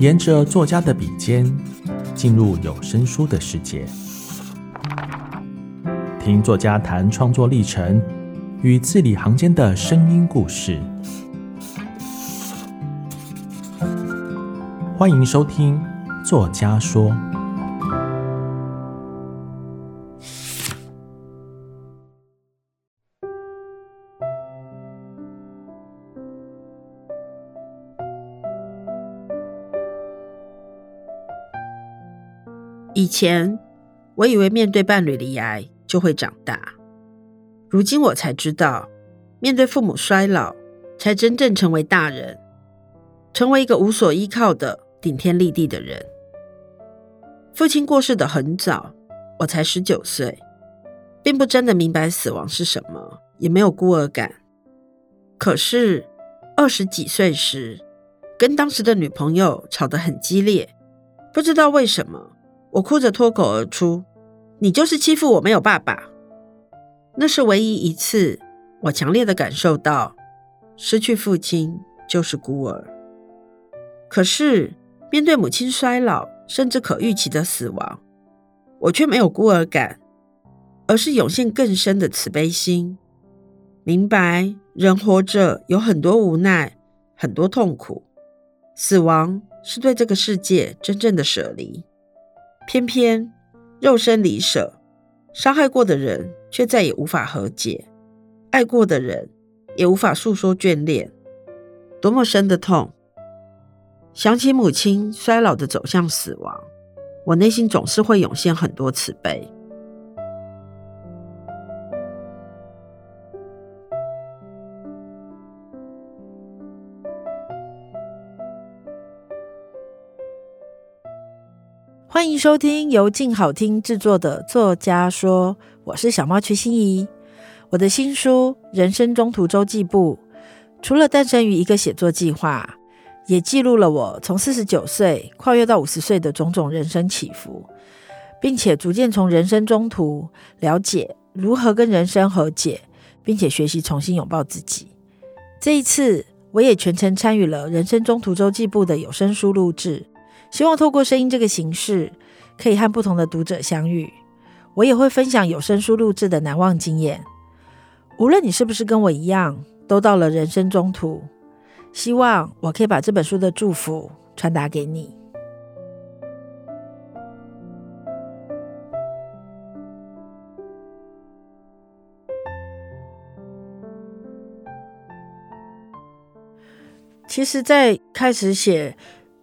沿着作家的筆尖，進入有聲書的世界，聽作家談創作歷程與字裡行間的聲音故事。歡迎收聽《作家說》。以前，我以為面對伴侶罹癌就會長大，如今我才知道，面對父母衰老才真正成為大人，成為一個無所依靠的頂天立地的人。父親過世的很早，我才十九歲，並不真的明白死亡是什麼，也沒有孤兒感。可是二十幾歲時，跟當時的女朋友吵得很激烈，不知道為什麼。我哭着脫口而出：“你就是欺負我沒有爸爸。”那是唯一一次，我強烈的感受到失去父親就是孤兒。可是面對母親衰老，甚至可預期的死亡，我卻沒有孤兒感，而是湧現更深的慈悲心，明白人活着有很多無奈，很多痛苦，死亡是對這個世界真正的捨離。偏偏肉身離捨，傷害過的人卻再也無法和解，愛過的人也無法訴說眷戀，多麼深的痛。想起母親衰老的走向死亡，我內心總是會湧現很多慈悲。歡迎收聽由靜好聽制作的《作家說》，我是小貓瞿欣怡。我的新書《人生中途周記簿》，除了誕生於一個寫作計劃，也記錄了我從四十九歲跨越到五十歲的種種人生起伏，並且逐漸從人生中途了解如何跟人生和解，並且學習重新擁抱自己。這一次，我也全程參與了《人生中途周記簿》的有聲書錄制。希望透過聲音這個形式，可以和不同的讀者相遇。我也會分享有聲書錄製的難忘經驗。無論你是不是跟我一樣，都到了人生中途，希望我可以把這本書的祝福傳達給你。其實，在開始寫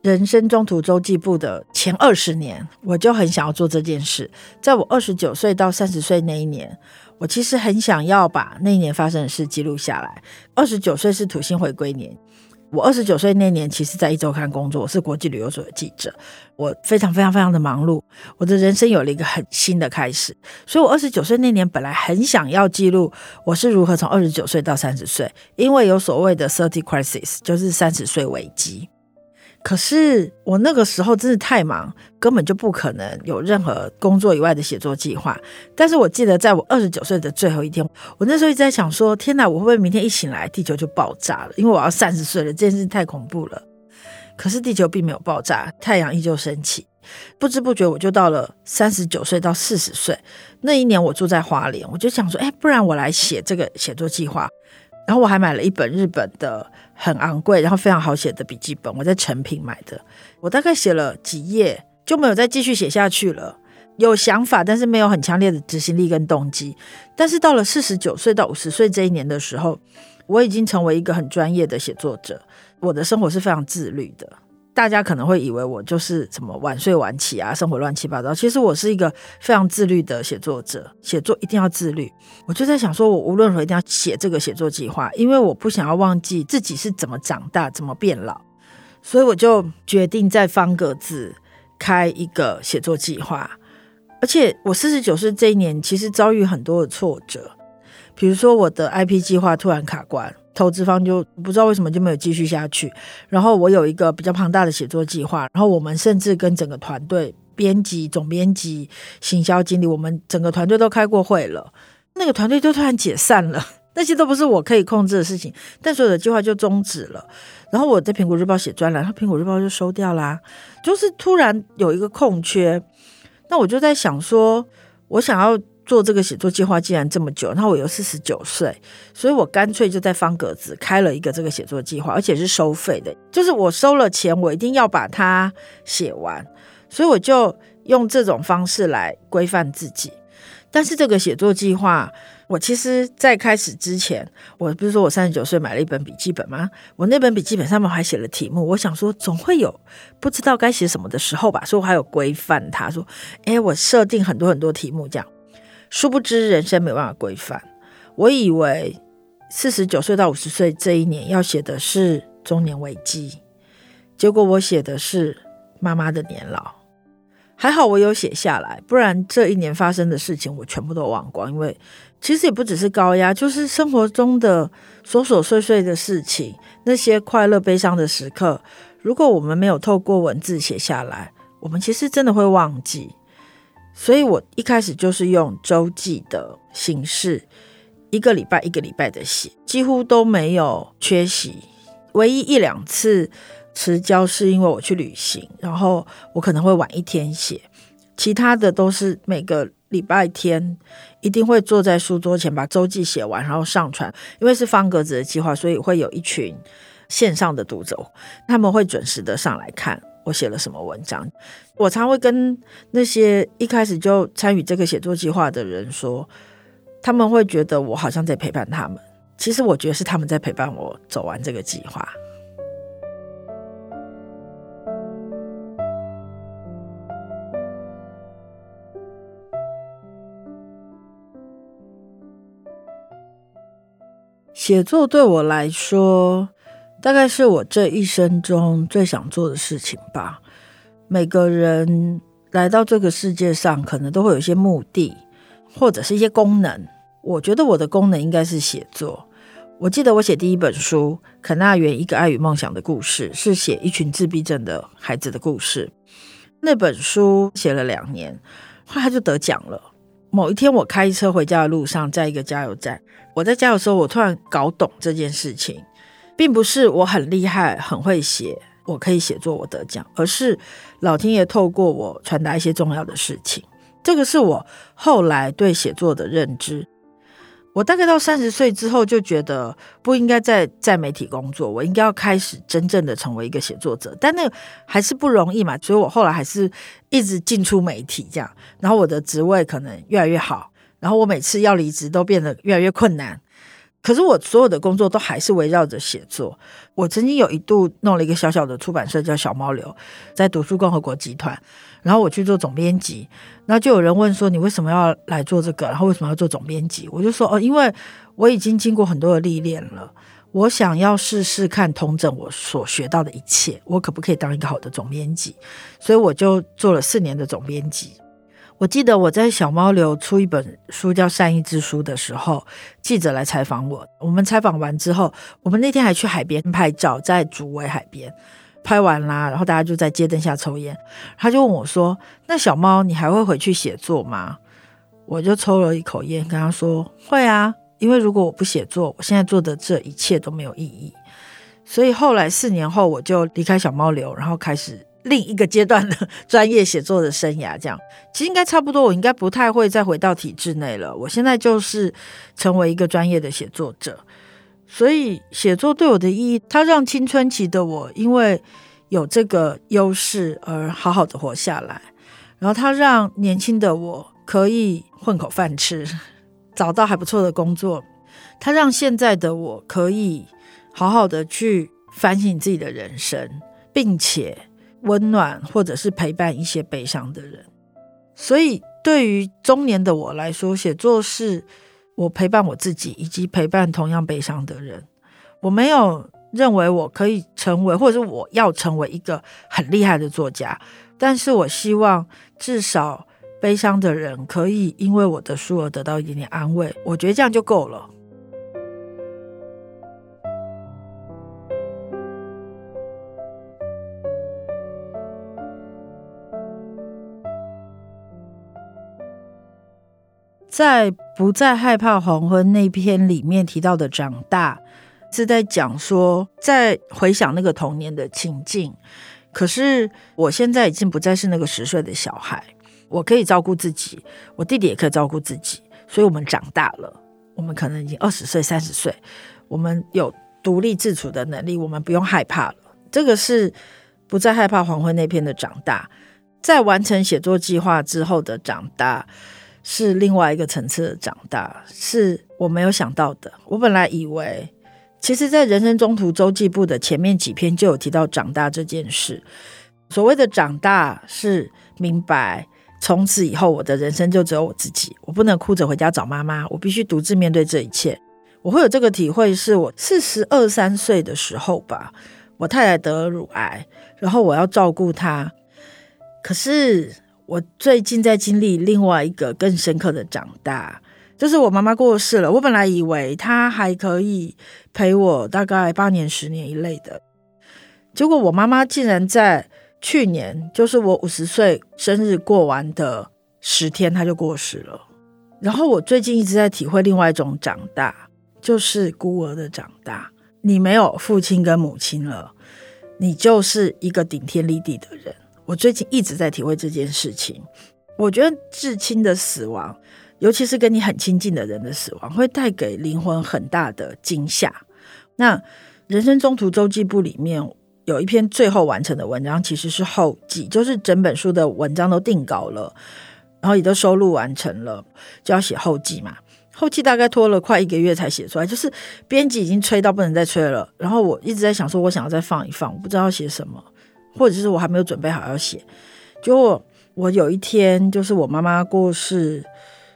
人生中途週記簿的前二十年，我就很想要做這件事。在我二十九歲到三十歲那一年，我其實很想要把那一年發生的事記錄下來。二十九歲是土星回歸年，我二十九歲那年，其實在一週刊工作，我是國際旅遊所的記者，我非常非常非常的忙碌。我的人生有了一個很新的開始，所以我二十九歲那年本來很想要記錄我是如何從二十九歲到三十歲，因為有所謂的 thirty crisis，就是三十歲危機。可是我那個時候真的太忙，根本就不可能有任何工作以外的寫作計劃。但是我記得，在我二十九歲的最後一天，我那時候一直在想說：天吶，我會不會明天一醒來，地球就爆炸了？因為我要三十歲了，這件事太恐怖了。可是地球並沒有爆炸，太陽依舊升起。不知不覺，我就到了三十九歲到四十歲那一年，我住在花蓮，我就想說：哎，不然我來寫這個寫作計劃。然後我還買了一本日本的。很昂貴，然後非常好寫的筆記本，我在誠品買的。我大概寫了幾頁，就沒有再繼續寫下去了。有想法，但是沒有很強烈的執行力跟動機。但是到了四十九歲到五十歲這一年的時候，我已經成為一個很專業的寫作者，我的生活是非常自律的。大家可能會以為我就是什麼晚睡晚起啊，生活亂七八糟。其實我是一個非常自律的寫作者，寫作一定要自律。我就在想說，我無論如何一定要寫這個寫作計劃，因為我不想要忘記自己是怎麼長大、怎麼變老。所以我就決定在方格子開一個寫作計劃。而且我四十九歲這一年，其實遭遇很多的挫折，比如說我的 IP 計劃突然卡關。投資方就不知道為什麼就沒有繼續下去。然後我有一個比較龐大的寫作計劃，然後我們甚至跟整個團隊、編輯、總編輯、行銷經理，我們整個團隊都開過會了，那個團隊就突然解散了。那些都不是我可以控制的事情，但所有的計劃就終止了。然後我在蘋果日報寫專欄，然後蘋果日報就收掉啦啊。就是突然有一個空缺，那我就在想說，我想要。做這個寫作計劃竟然這麼久，那我有四十九歲，所以我乾脆就在方格子開了一個這個寫作計劃，而且是收費的，就是我收了錢，我一定要把它寫完，所以我就用這種方式來規範自己。但是這個寫作計劃，我其實，在開始之前，我不是說我三十九歲買了一本筆記本嗎？我那本筆記本上面還寫了題目，我想說總會有不知道該寫什麼的時候吧，所以我還有規範它，說，誒，我設定很多很多題目這樣。殊不知，人生沒辦法規範。我以為四十九歲到五十歲這一年要寫的是中年危機，結果我寫的是媽媽的年老。還好我有寫下來，不然這一年發生的事情我全部都忘光。因為其實也不只是高壓，就是生活中的瑣瑣碎碎的事情，那些快樂、悲傷的時刻，如果我們沒有透過文字寫下來，我們其實真的會忘記。所以，我一開始就是用週記的形式，一個禮拜一個禮拜的寫，幾乎都沒有缺席。唯一一兩次遲交，是因為我去旅行，然後我可能會晚一天寫。其他的都是每個禮拜天一定會坐在書桌前把週記寫完，然後上傳。因為是方格子的計劃，所以會有一群線上的讀者，他們會準時的上來看。我寫了什麼文章。我常會跟那些一開始就參與這個寫作計劃的人說，他們會覺得我好像在陪伴他們。其實我覺得是他們在陪伴我走完這個計劃。寫作對我來說，大概是我這一生中最想做的事情吧。每個人來到這個世界上，可能都會有一些目的，或者是一些功能。我覺得我的功能應該是寫作。我記得我寫第一本書《肯納園：一個愛與夢想的故事》，是寫一群自閉症的孩子的故事。那本書寫了兩年，後來就得獎了。某一天，我開車回家的路上，在一個加油站，我在加油的時候，我突然搞懂這件事情。並不是我很厲害、很會寫，我可以寫作，我得獎，而是老天爺透過我傳達一些重要的事情。這個是我後來對寫作的認知。我大概到三十歲之後就覺得不應該再在媒體工作，我應該要開始真正的成為一個寫作者。但那還是不容易嘛，所以我後來還是一直進出媒體這樣。然後我的職位可能越來越好，然後我每次要離職都變得越來越困難。可是我所有的工作都還是圍繞着寫作。我曾經有一度弄了一個小小的出版社，叫小貓流，在讀書共和國集團。然後我去做總編輯，那就有人問說，你為什麼要來做這個？然後為什麼要做總編輯？我就說，哦，因為我已經經過很多的歷練了，我想要試試看統整我所學到的一切，我可不可以當一個好的總編輯？所以我就做了四年的總編輯。我記得我在小貓流出一本書叫《善意之書》的時候，記者來採訪我。我們採訪完之後，我們那天還去海邊拍照，在竹圍海邊拍完啦，然後大家就在街燈下抽煙。他就問我說：“那小貓，你還會回去寫作嗎？”我就抽了一口煙，跟他說：“會啊，因為如果我不寫作，我現在做的這一切都沒有意義。”所以後來四年後，我就離開小貓流，然後開始。另一個階段的專業寫作的生涯，這樣其實應該差不多。我應該不太會再回到體制內了。我現在就是成為一個專業的寫作者，所以寫作對我的意義，它讓青春期的我因為有這個優勢而好好的活下來，然後它讓年輕的我可以混口飯吃，找到還不錯的工作，它讓現在的我可以好好的去反省自己的人生，並且。溫暖，或者是陪伴一些悲傷的人。所以，對於中年的我來說，寫作是我陪伴我自己，以及陪伴同樣悲傷的人。我沒有認為我可以成為，或者是我要成為一個很厲害的作家，但是我希望至少悲傷的人可以因為我的書而得到一點點安慰。我覺得這樣就夠了。在不再害怕黃昏那篇裡面提到的長大，是在講說，在回想那個童年的情境。可是我現在已經不再是那個十歲的小孩，我可以照顧自己，我弟弟也可以照顧自己，所以我們長大了。我們可能已經二十歲、三十歲，我們有獨立自處的能力，我們不用害怕了。這個是不再害怕黃昏那篇的長大，在完成寫作計劃之後的長大。是另外一個層次的長大，是我沒有想到的。我本來以為，其實，在人生中途週記簿的前面幾篇就有提到長大這件事。所謂的長大，是明白從此以後我的人生就只有我自己，我不能哭着回家找媽媽，我必須獨自面對這一切。我會有這個體會，是我四十二三歲的時候吧，我太太得了乳癌，然後我要照顧她，可是。我最近在經歷另外一個更深刻的長大，就是我媽媽過世了。我本來以為她還可以陪我大概八年、十年一類的，結果我媽媽竟然在去年，就是我五十歲生日過完的十天，她就過世了。然後我最近一直在體會另外一種長大，就是孤兒的長大。你沒有父親跟母親了，你就是一個頂天立地的人。我最近一直在體會這件事情。我覺得至親的死亡，尤其是跟你很親近的人的死亡，會帶給靈魂很大的驚嚇。那《人生中途週記簿》裡面有一篇最後完成的文章，其實是後記，就是整本書的文章都定稿了，然後也都收錄完成了，就要寫後記嘛。後記大概拖了快一個月才寫出來，就是編輯已經催到不能再催了。然後我一直在想，說我想要再放一放，我不知道要寫什麼。或者是我還沒有準備好要寫，結果我有一天就是我媽媽過世，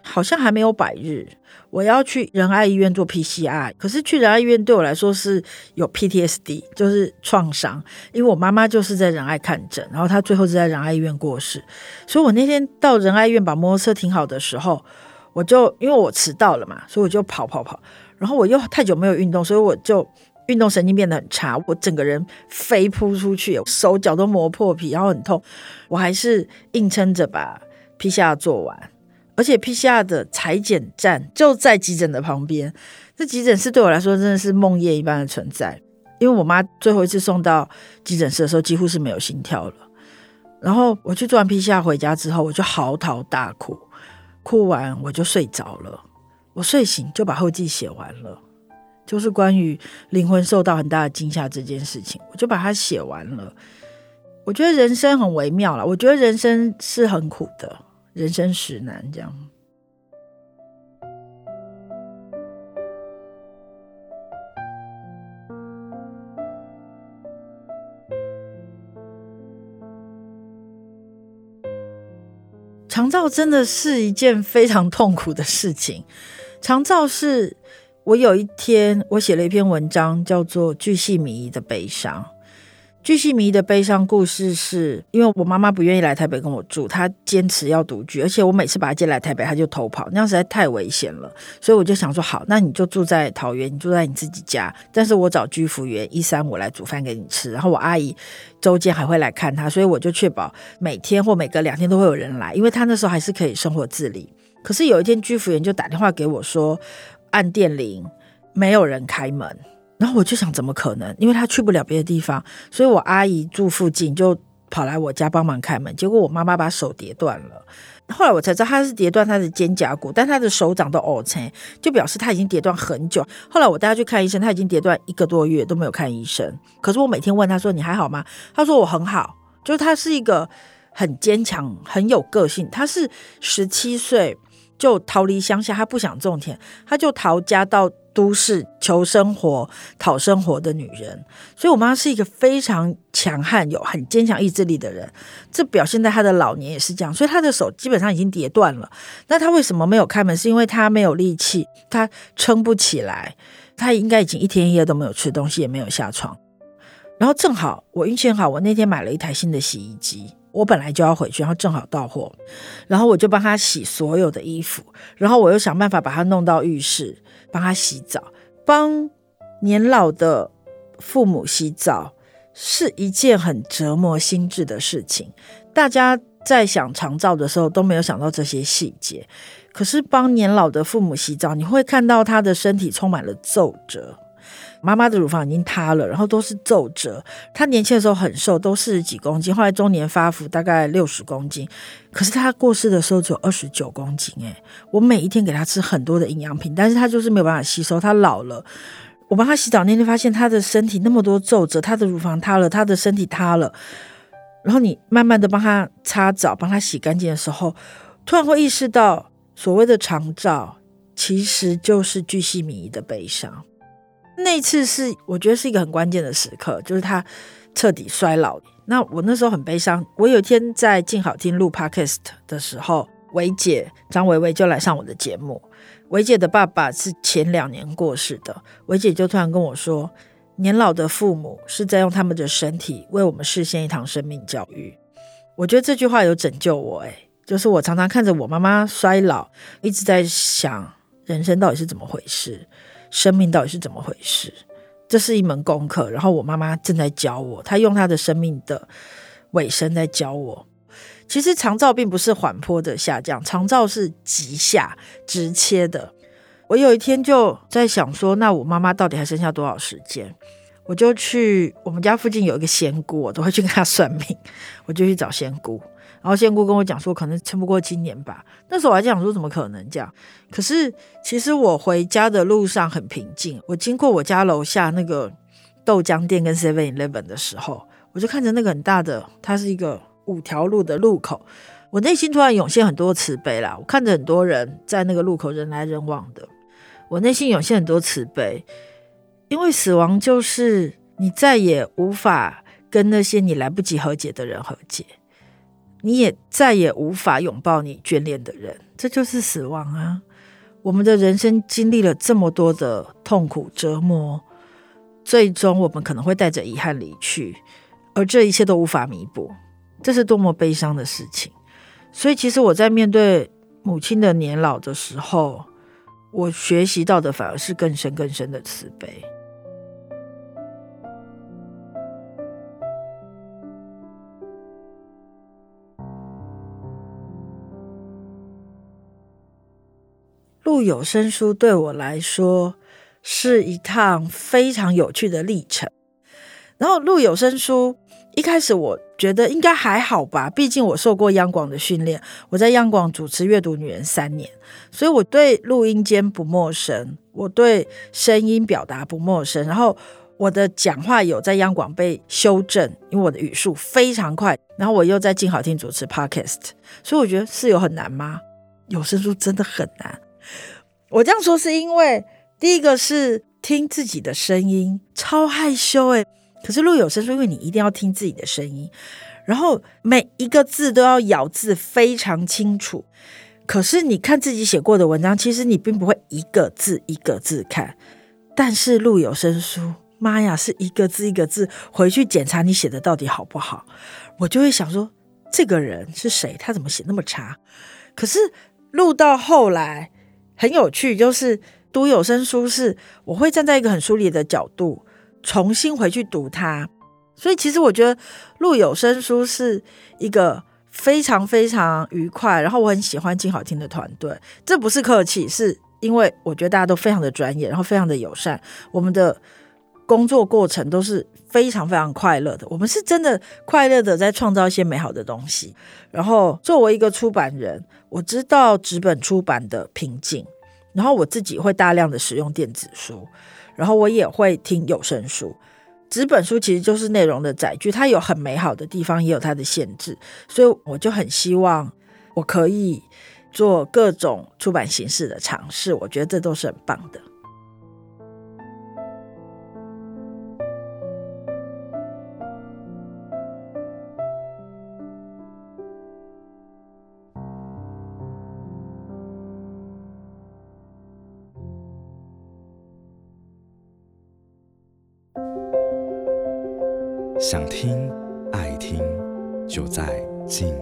好像還沒有百日，我要去仁愛醫院做 PCR。可是去仁愛醫院對我來說是有 PTSD，就是創傷，因為我媽媽就是在仁愛看診，然後她最後是在仁愛醫院過世。所以我那天到仁愛醫院把摩托車停好的時候，我就，因為我遲到了嘛，所以我就跑跑跑，然後我又太久沒有運動，所以我就。運動神經變得很差，我整個人飛撲出去，手腳都磨破皮，然後很痛。我還是硬撐着把 PCR 做完。而且 PCR 的採檢站就在急診的旁邊，這急診室對我來說真的是夢魘一般的存在。因為我媽最後一次送到急診室的時候，幾乎是沒有心跳了。然後我去做完 PCR 回家之後，我就嚎啕大哭，哭完我就睡着了。我睡醒就把後記寫完了。就是關於靈魂受到很大的驚嚇這件事情，我就把它寫完了。我覺得人生很微妙啦，我覺得人生是很苦的，人生實難這樣。長照真的是一件非常痛苦的事情，長照是。我有一天，我寫了一篇文章，叫做《鉅細靡遺的悲傷》。鉅細靡遺的悲傷故事是，因為我媽媽不願意來台北跟我住，她堅持要獨居，而且我每次把她接來台北，她就偷跑，那樣實在太危險了。所以我就想說，好，那你就住在桃園，你住在你自己家，但是我找居服員一三五來煮飯給你吃，然後我阿姨週間還會來看她。所以我就確保每天或每隔兩天都會有人來，因為她那時候還是可以生活自理。可是有一天，居服員就打電話給我說。按電鈴，沒有人開門，然後我就想怎麼可能？因為他去不了別的地方，所以我阿姨住附近，就跑來我家幫忙開門。結果我媽媽把手跌斷了，後來我才知道他是跌斷他的肩胛骨，但他的手掌都凹成，就表示他已經跌斷很久。後來我帶她去看醫生，他已經跌斷一個多月都沒有看醫生。可是我每天問他說你還好嗎？他說我很好，就是他是一個很堅強、很有個性。他是十七歲。就逃離鄉下，她不想種田，她就逃家到都市求生活、討生活的女人。所以，我媽是一個非常強悍、有很堅強意志力的人。這表現在她的老年也是這樣，所以她的手基本上已經跌斷了。那她為什麼沒有開門？是因為她沒有力氣，她撐不起來。她應該已經一天一夜都沒有吃東西，也沒有下床。然後正好我運氣很好，我那天買了一台新的洗衣機。我本來就要回去，然後正好到貨，然後我就幫他洗所有的衣服，然後我又想辦法把他弄到浴室，幫他洗澡。幫年老的父母洗澡是一件很折磨心智的事情，大家在想長照的時候都沒有想到這些細節。可是幫年老的父母洗澡，你會看到他的身體充滿了皺褶。媽媽的乳房已經塌了，然後都是皺褶。她年輕的時候很瘦，都四十幾公斤，後來中年發福，大概六十公斤。可是她過世的時候只有二十九公斤。欸，誒，我每一天給她吃很多的營養品，但是她就是沒有辦法吸收。她老了，我幫她洗澡那天發現她的身體那麼多皺褶，她的乳房塌了，她的身體塌了。然後你慢慢的幫她擦澡，幫她洗乾淨的時候，突然會意識到，所謂的長照，其實就是巨細靡遺的悲傷。那一次是我覺得是一個很關鍵的時刻，就是他徹底衰老。那我那時候很悲傷。我有一天在靜好聽錄 Podcast 的時候，薇姐張薇薇就來上我的節目。薇姐的爸爸是前兩年過世的，薇姐就突然跟我說：“年老的父母是在用他們的身體為我們實現一堂生命教育。”我覺得這句話有拯救我、欸，哎，就是我常常看着我媽媽衰老，一直在想人生到底是怎麼回事。生命到底是怎麼回事？這是一門功課。然後我媽媽正在教我，她用她的生命的尾聲在教我。其實長照並不是緩坡的下降，長照是急下直切的。我有一天就在想說，那我媽媽到底還剩下多少時間？我就去我們家附近有一個仙姑，我都會去跟她算命。我就去找仙姑。然後仙姑跟我講說，可能撐不過今年吧。那時候我還在想說，怎麼可能這樣？可是其實我回家的路上很平靜。我經過我家樓下那個豆漿店跟 Seven Eleven 的時候，我就看着那個很大的，它是一個五條路的路口。我內心突然湧現很多慈悲啦。我看着很多人在那個路口人來人往的，我內心湧現很多慈悲，因為死亡就是你再也無法跟那些你來不及和解的人和解。你也再也無法擁抱你眷戀的人，這就是死亡啊！我們的人生經歷了這麼多的痛苦折磨，最終我們可能會帶着遺憾離去，而這一切都無法彌補，這是多麼悲傷的事情。所以，其實我在面對母親的年老的時候，我學習到的反而是更深更深的慈悲。錄有聲書對我來說是一趟非常有趣的歷程。然後錄有聲書一開始，我覺得應該還好吧，畢竟我受過央廣的訓練，我在央廣主持閱讀女人三年，所以我對錄音間不陌生，我對聲音表達不陌生。然後我的講話有在央廣被修正，因為我的語速非常快。然後我又在鏡好聽主持 podcast，所以我覺得是有很難嗎？有聲書真的很難。我這樣說是因為，第一個是聽自己的聲音，超害羞哎。可是錄有聲書，因為你一定要聽自己的聲音，然後每一個字都要咬字非常清楚。可是你看自己寫過的文章，其實你並不會一個字一個字看。但是錄有聲書，媽呀，是一個字一個字回去檢查你寫的到底好不好。我就會想說，這個人是誰？他怎麼寫那麼差？可是錄到後來。很有趣，就是讀有聲書是我會站在一個很疏離的角度重新回去讀它，所以其實我覺得錄有聲書是一個非常非常愉快，然後我很喜歡鏡好聽的團隊，這不是客氣，是因為我覺得大家都非常的專業，然後非常的友善，我們的工作過程都是非常非常快樂的，我們是真的快樂的在創造一些美好的東西，然後作為一個出版人。我知道紙本出版的瓶頸，然後我自己會大量的使用電子書，然後我也會聽有聲書。紙本書其實就是內容的載具，它有很美好的地方，也有它的限制，所以我就很希望我可以做各種出版形式的嘗試。我覺得這都是很棒的。想聽，愛聽，就在鏡。